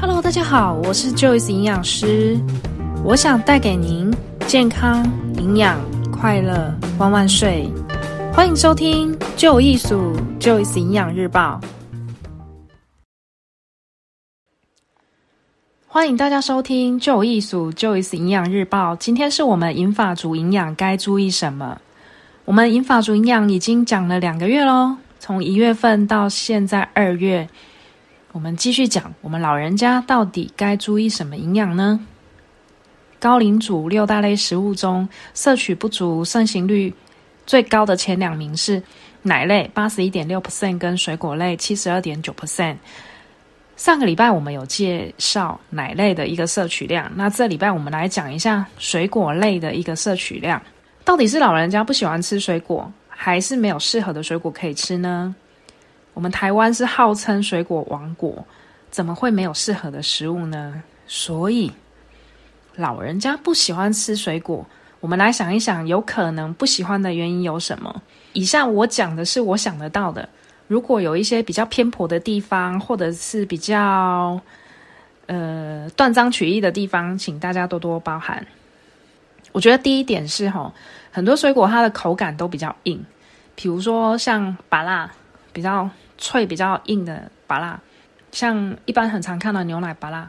Hello，大家好，我是 Joyce 營養師，我想帶給您健康、營養、快樂萬萬歲！歡迎收聽《Joyce 營養日報》。歡迎大家收聽《Joyce 營養日報》。今天是我們銀髮族營養該注意什麼？我們銀髮族營養已經講了兩個月嘍，從一月份到現在二月。我們繼續講，我們老人家到底該注意什麼營養呢？高齡組六大類食物中，攝取不足盛行率最高的前兩名是奶類八十一點六 percent 跟水果類七十二點九 percent。上個禮拜我們有介紹奶類的一個攝取量，那這禮拜我們來講一下水果類的一個攝取量。到底是老人家不喜歡吃水果，還是沒有適合的水果可以吃呢？我們台灣是號稱水果王國，怎麼會沒有適合的食物呢？所以老人家不喜歡吃水果，我們來想一想，有可能不喜歡的原因有什麼？以下我講的是我想得到的。如果有一些比較偏頗的地方，或者是比較呃斷章取義的地方，請大家多多包涵。我覺得第一點是，吼，很多水果它的口感都比較硬，比如說像芭樂。比較脆、比較硬的芭樂，像一般很常看到牛奶芭樂，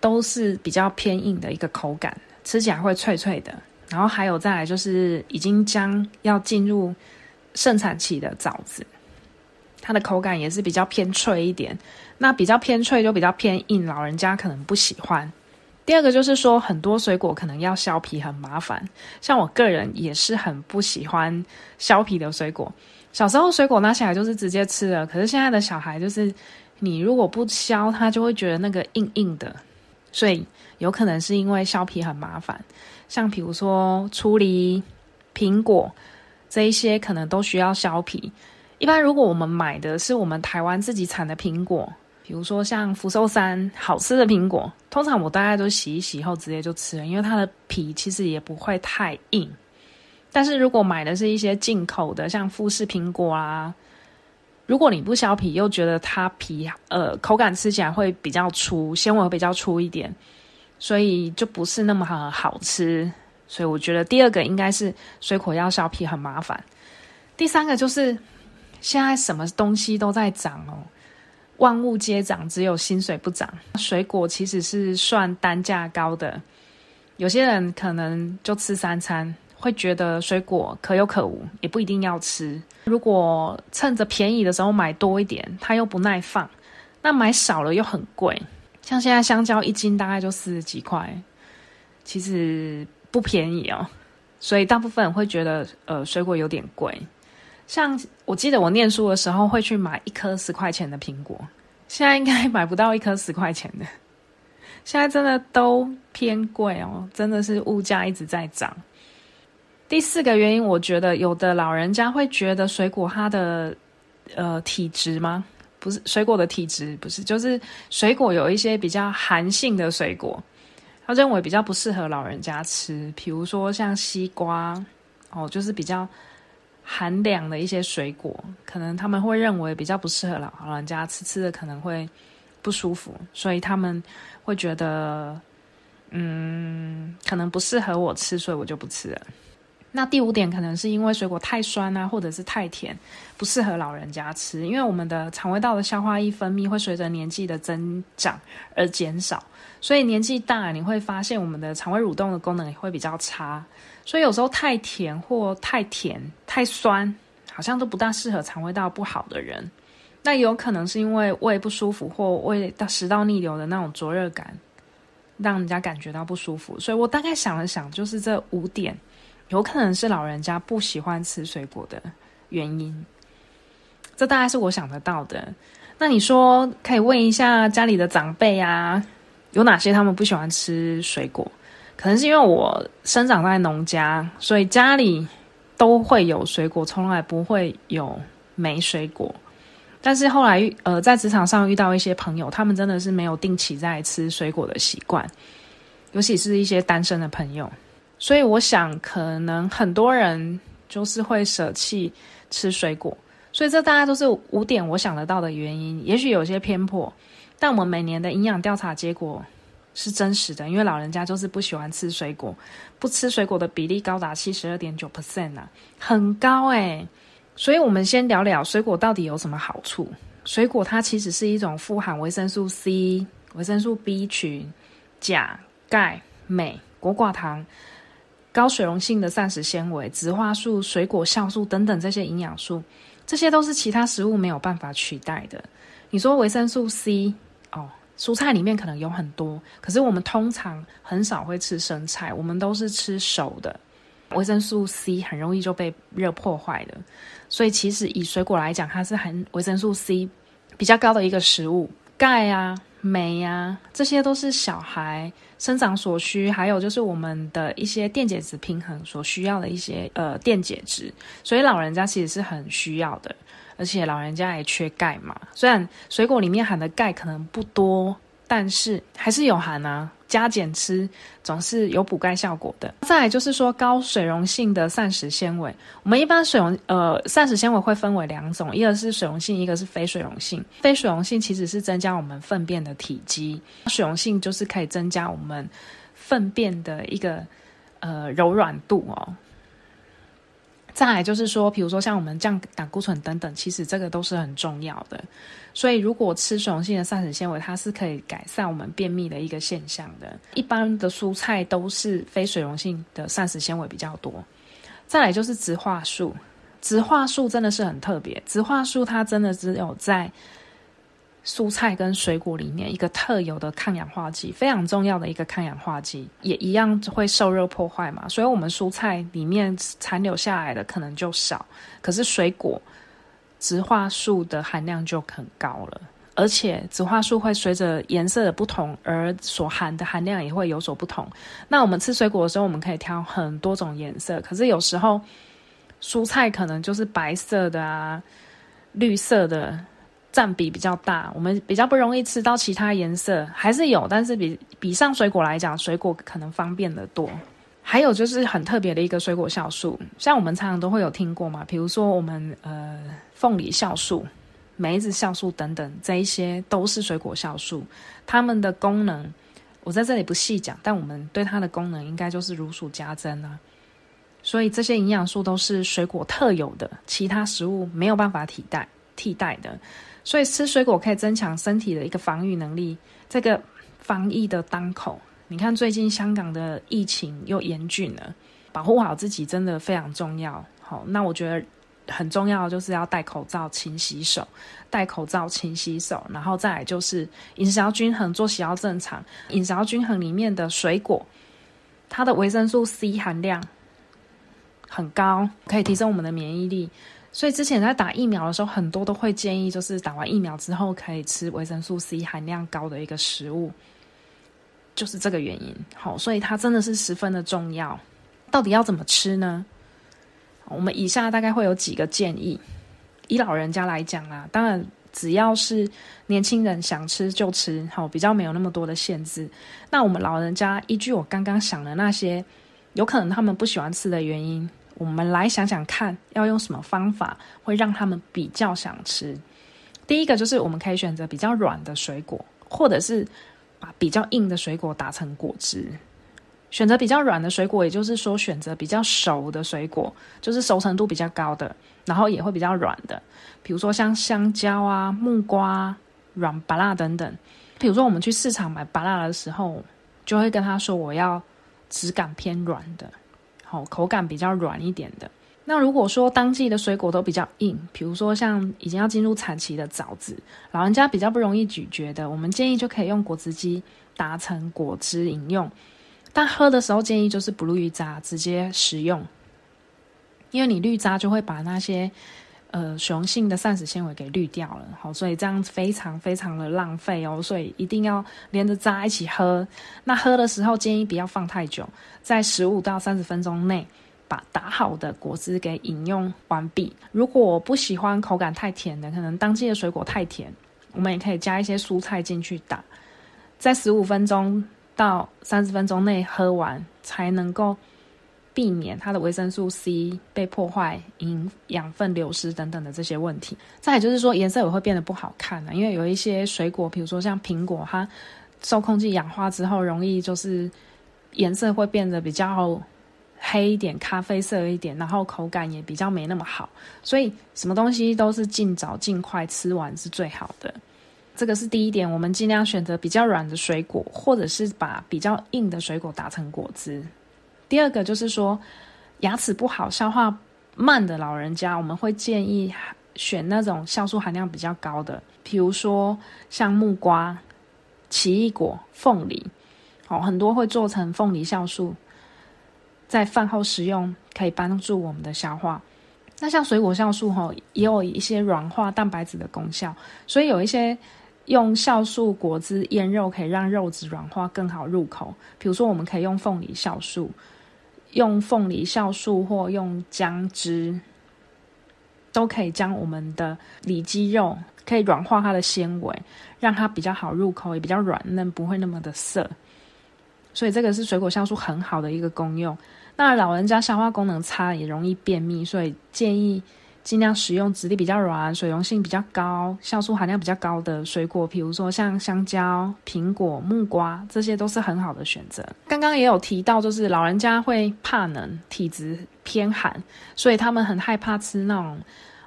都是比較偏硬的一個口感，吃起來會脆脆的。然後還有再來就是已經將要進入盛產期的棗子，它的口感也是比較偏脆一點。那比較偏脆就比較偏硬，老人家可能不喜歡。第二個就是說很多水果可能要削皮很麻煩，像我個人也是很不喜歡削皮的水果。小時候水果拿起來就是直接吃了，可是現在的小孩就是，你如果不削，他就會覺得那個硬硬的，所以有可能是因為削皮很麻煩。像比如說，粗梨、蘋果這一些可能都需要削皮。一般如果我們買的是我們台灣自己產的蘋果，比如說像福壽山好吃的蘋果，通常我大概都洗一洗後直接就吃了，因為它的皮其實也不會太硬。但是，如果買的是一些進口的，像富士蘋果啊，如果你不削皮，又覺得它皮，呃，口感吃起來會比較粗，纖維比較粗一點，所以就不是那麼很好吃。所以，我覺得第二個應該是水果要削皮很麻煩。第三個就是現在什麼東西都在漲哦、喔，萬物皆漲，只有薪水不漲。水果其實是算單價高的，有些人可能就吃三餐。會覺得水果可有可無，也不一定要吃。如果趁着便宜的時候買多一點，它又不耐放，那買少了又很貴。像現在香蕉一斤大概就四十幾塊，其實不便宜哦。所以大部分人會覺得，呃，水果有點貴。像我記得我念書的時候會去買一顆十塊錢的蘋果，現在應該買不到一顆十塊錢的。現在真的都偏貴哦，真的是物價一直在漲。第四個原因，我覺得有的老人家會覺得水果它的，呃，體質嗎？不是水果的體質，不是，就是水果有一些比較寒性的水果，他認為比較不適合老人家吃，比如說像西瓜，哦，就是比較寒涼的一些水果，可能他們會認為比較不適合老人家吃，吃的可能會不舒服，所以他們會覺得，嗯，可能不適合我吃，所以我就不吃了。那第五點可能是因為水果太酸啊，或者是太甜，不適合老人家吃。因為我們的腸胃道的消化液分泌會隨着年紀的增長而減少，所以年紀大，你會發現我們的腸胃蠕動的功能也會比較差。所以有時候太甜或太甜、太酸，好像都不大適合腸胃道不好的人。那有可能是因為胃不舒服或胃到食道逆流的那種灼熱感，讓人家感覺到不舒服。所以我大概想了想，就是這五點。有可能是老人家不喜歡吃水果的原因，這大概是我想得到的。那你說可以問一下家裡的長輩啊，有哪些他們不喜歡吃水果？可能是因為我生長在農家，所以家裡都會有水果，從來不會有沒水果。但是後來呃，在職場上遇到一些朋友，他們真的是沒有定期在吃水果的習慣，尤其是一些單身的朋友。所以我想，可能很多人就是會捨棄吃水果，所以這大概都是五點我想得到的原因。也許有些偏頗，但我們每年的營養調查結果是真實的，因為老人家就是不喜歡吃水果，不吃水果的比例高達七十二點九 percent 很高哎、欸。所以我們先聊聊水果到底有什麼好處。水果它其實是一種富含維生素 C、維生素 B 群、鉀、鈣、鎂、果寡糖。高水溶性的膳食纖維、植化素、水果酵素等等，這些營養素，這些都是其他食物沒有辦法取代的。你說維生素 C 哦，蔬菜裡面可能有很多，可是我們通常很少會吃生菜，我們都是吃熟的，維生素 C 很容易就被熱破壞的。所以其實以水果來講，它是含維生素 C 比較高的一個食物。鈣啊。鎂呀、啊，這些都是小孩生長所需，還有就是我們的一些電解質平衡所需要的一些呃電解質，所以老人家其實是很需要的，而且老人家也缺鈣嘛。雖然水果裡面含的鈣可能不多，但是還是有含啊。加減吃總是有補鈣效果的。再來就是說高水溶性的膳食纖維，我們一般水溶呃膳食纖維會分為兩種，一個是水溶性，一個是非水溶性。非水溶性其實是增加我們糞便的體積，水溶性就是可以增加我們糞便的一個呃柔軟度哦。再來就是說，比如說像我們降膽固醇等等，其實這個都是很重要的。所以如果吃水溶性的膳食纖維，它是可以改善我們便秘的一個現象的。一般的蔬菜都是非水溶性的膳食纖維比較多。再來就是植化素，植化素真的是很特別，植化素它真的只有在。蔬菜跟水果裡面一個特有的抗氧化劑，非常重要的一個抗氧化劑，也一樣會受熱破壞嘛，所以我們蔬菜裡面殘留下來的可能就少，可是水果植化素的含量就很高了，而且植化素會隨着顏色的不同而所含的含量也會有所不同。那我們吃水果的時候，我們可以挑很多種顏色，可是有時候蔬菜可能就是白色的啊，綠色的。佔比比較大，我們比較不容易吃到其他顏色，還是有，但是比比上水果來講，水果可能方便得多。還有就是很特別的一個水果酵素，像我們常常都會有聽過嘛，比如說我們呃鳳梨酵素、梅子酵素等等，這一些都是水果酵素，它們的功能我在這裡不細講，但我們對它的功能應該就是如數家珍啊。所以這些營養素都是水果特有的，其他食物沒有辦法替代替代的。所以吃水果可以增強身體的一個防禦能力。這個防疫的當口，你看最近香港的疫情又嚴峻了，保護好自己真的非常重要。好，那我覺得很重要的就是要戴口罩、勤洗手，戴口罩、勤洗手，然後再來就是飲食要均衡、作息要正常。飲食要均衡裡面的水果，它的維生素 C 含量很高，可以提升我們的免疫力。所以之前在打疫苗的時候，很多都會建議，就是打完疫苗之後可以吃維生素 C 含量高的一個食物，就是這個原因。好，所以它真的是十分的重要。到底要怎麼吃呢？我們以下大概會有幾個建議。以老人家來講啊，當然只要是年輕人想吃就吃，好，比較沒有那麼多的限制。那我們老人家依據我剛剛想的那些，有可能他們不喜歡吃的原因。我們來想想看，要用什麼方法會讓他們比較想吃？第一個就是我們可以選擇比較軟的水果，或者是把比較硬的水果打成果汁。選擇比較軟的水果，也就是說選擇比較熟的水果，就是熟成度比較高的，然後也會比較軟的，比如說像香蕉啊、木瓜啊、軟芭樂等等。比如說我們去市場買芭樂的時候，就會跟他說我要質感偏軟的。口感比較軟一點的。那如果說當季的水果都比較硬，比如說像已經要進入產期的棗子，老人家比較不容易咀嚼的，我們建議就可以用果汁機打成果汁飲用。但喝的時候建議就是不濾渣，直接食用，因為你濾渣就會把那些。呃，雄性的膳食纖維給濾掉了，好，所以這樣非常非常的浪費哦，所以一定要連着渣一起喝。那喝的時候建議不要放太久，在十五到三十分鐘內把打好的果汁給飲用完畢。如果不喜歡口感太甜的，可能當季的水果太甜，我們也可以加一些蔬菜進去打，在十五分鐘到三十分鐘內喝完才能夠。避免它的維生素 C 被破壞、營養分流失等等的這些問題。再來就是說，顏色也會變得不好看啊，因為有一些水果，比如說像蘋果，它受空氣氧化之後，容易就是顏色會變得比較黑一點、咖啡色一點，然後口感也比較沒那麼好。所以，什麼東西都是盡早、盡快吃完是最好的。這個是第一點，我們盡量選擇比較軟的水果，或者是把比較硬的水果打成果汁。第二個就是說，牙齒不好、消化慢的老人家，我們會建議選那種酵素含量比較高的，比如說像木瓜、奇異果、鳳梨，哦，很多會做成鳳梨酵素，在飯後食用可以幫助我們的消化。那像水果酵素，哦，也有一些軟化蛋白質的功效，所以有一些用酵素果汁醃肉，可以讓肉質軟化更好入口。比如說，我們可以用鳳梨酵素。用鳳梨酵素，或用薑汁，都可以將我們的里肌肉，可以軟化它的纖維，讓它比較好入口，也比較軟嫩，不會那麼的澀。所以這個是水果酵素很好的一個功用。那老人家消化功能差，也容易便秘，所以建議。盡量使用質地比較軟、水溶性比較高、酵素含量比較高的水果，比如說像香蕉、蘋果、木瓜，這些都是很好的選擇。剛剛也有提到，就是老人家會怕冷，體質偏寒，所以他們很害怕吃那種，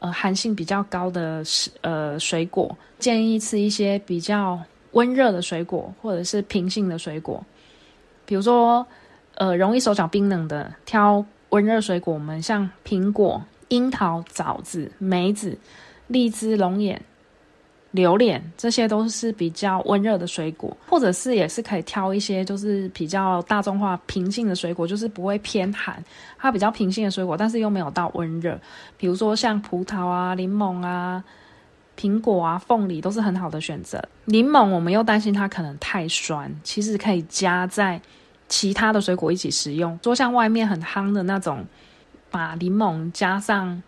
呃，寒性比較高的呃水果，建議吃一些比較溫熱的水果或者是平性的水果，比如說，呃，容易手腳冰冷的，挑溫熱水果，我們像蘋果。櫻桃、棗子、梅子、荔枝、龍眼、榴蓮，這些都是比較溫熱的水果，或者是也是可以挑一些就是比較大眾化、平性的水果，就是不會偏寒。它比較平性的水果，但是又沒有到溫熱，比如說像葡萄啊、檸檬啊、蘋果啊、鳳梨都是很好的選擇。檸檬我們又擔心它可能太酸，其實可以加在其他的水果一起食用。說像外面很夯的那種。把檸檬加上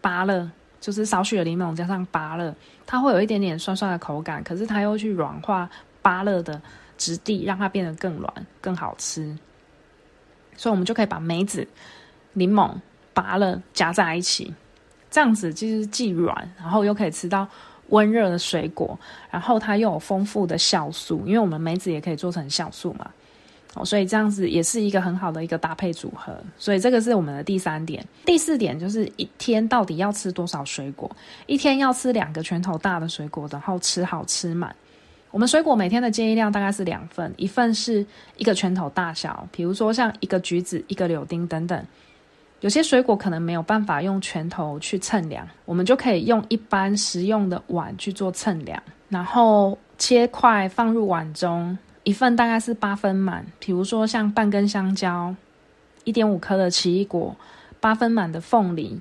芭樂，就是少許的檸檬加上芭樂，它會有一點點酸酸的口感，可是它又去軟化芭樂的質地，讓它變得更軟更好吃。所以，我們就可以把梅子、檸檬、芭樂加在一起，這樣子就是既軟，然後又可以吃到溫熱的水果，然後它又有豐富的酵素，因為我們梅子也可以做成酵素嘛。哦，所以這樣子也是一個很好的一個搭配組合，所以這個是我們的第三點。第四點就是一天到底要吃多少水果？一天要吃兩個拳頭大的水果，然後吃好吃滿。我們水果每天的建議量大概是兩份，一份是一個拳頭大小，比如說像一個橘子、一個柳丁等等。有些水果可能沒有辦法用拳頭去稱量，我們就可以用一般食用的碗去做稱量，然後切塊放入碗中。一份大概是八分滿，比如說像半根香蕉、一點五顆的奇異果、八分滿的鳳梨。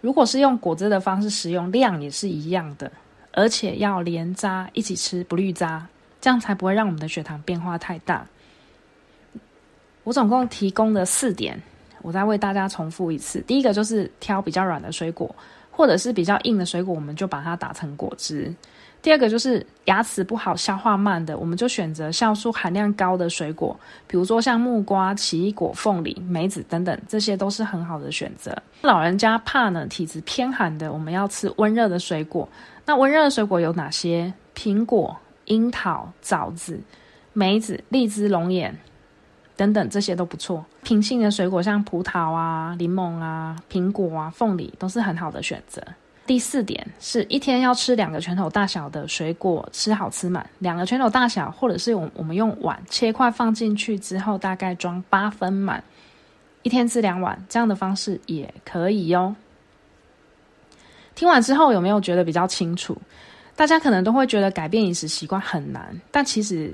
如果是用果汁的方式食用，量也是一樣的，而且要連渣一起吃，不濾渣，這樣才不會讓我們的血糖變化太大。我總共提供了四點，我再為大家重複一次：第一個就是挑比較軟的水果，或者是比較硬的水果，我們就把它打成果汁。第二個就是牙齒不好、消化慢的，我們就選擇酵素含量高的水果，比如說像木瓜、奇異果、鳳梨、梅子等等，這些都是很好的選擇。老人家怕呢，體質偏寒的，我們要吃溫熱的水果。那溫熱的水果有哪些？蘋果、櫻桃、棗子、梅子、荔枝、龍眼等等，這些都不錯。平性的水果像葡萄啊、檸檬啊、蘋果啊、鳳梨都是很好的選擇。第四點是一天要吃兩個拳頭大小的水果，吃好吃滿。兩個拳頭大小，或者是我們我們用碗切塊放進去之後，大概裝八分滿，一天吃兩碗這樣的方式也可以哦。聽完之後有沒有覺得比較清楚？大家可能都會覺得改變飲食習慣很難，但其實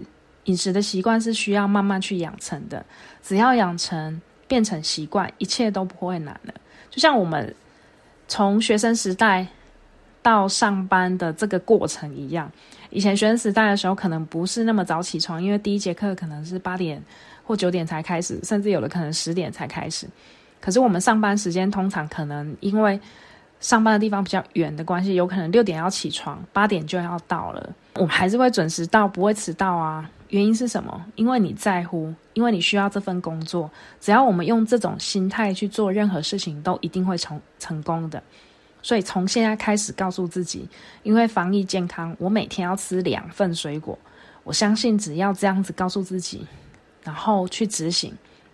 飲食的習慣是需要慢慢去養成的。只要養成變成習慣，一切都不會難的。就像我們。從學生時代到上班的這個過程一樣，以前學生時代的時候可能不是那麼早起床，因為第一節課可能是八點或九點才開始，甚至有的可能十點才開始。可是我們上班時間通常可能因為上班的地方比較遠的關係，有可能六點要起床，八點就要到了，我們還是會準時到，不會遲到啊。原因是什麼？因為你在乎，因為你需要這份工作。只要我們用這種心態去做任何事情，都一定會成成功的。所以從現在開始，告訴自己，因為防疫健康，我每天要吃兩份水果。我相信只要這樣子告訴自己，然後去執行，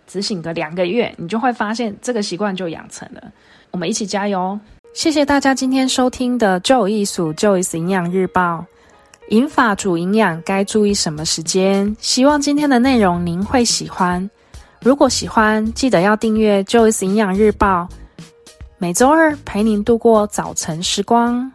執行個兩個月，你就會發現這個習慣就養成了。我們一起加油！謝謝大家今天收聽的 Joyce，Joyce 營養日報。銀髮族營養，該注意什麼時間？希望今天的內容您會喜歡。如果喜歡，記得要訂閱 Joyce 營養日報，每周二陪您度過早晨時光。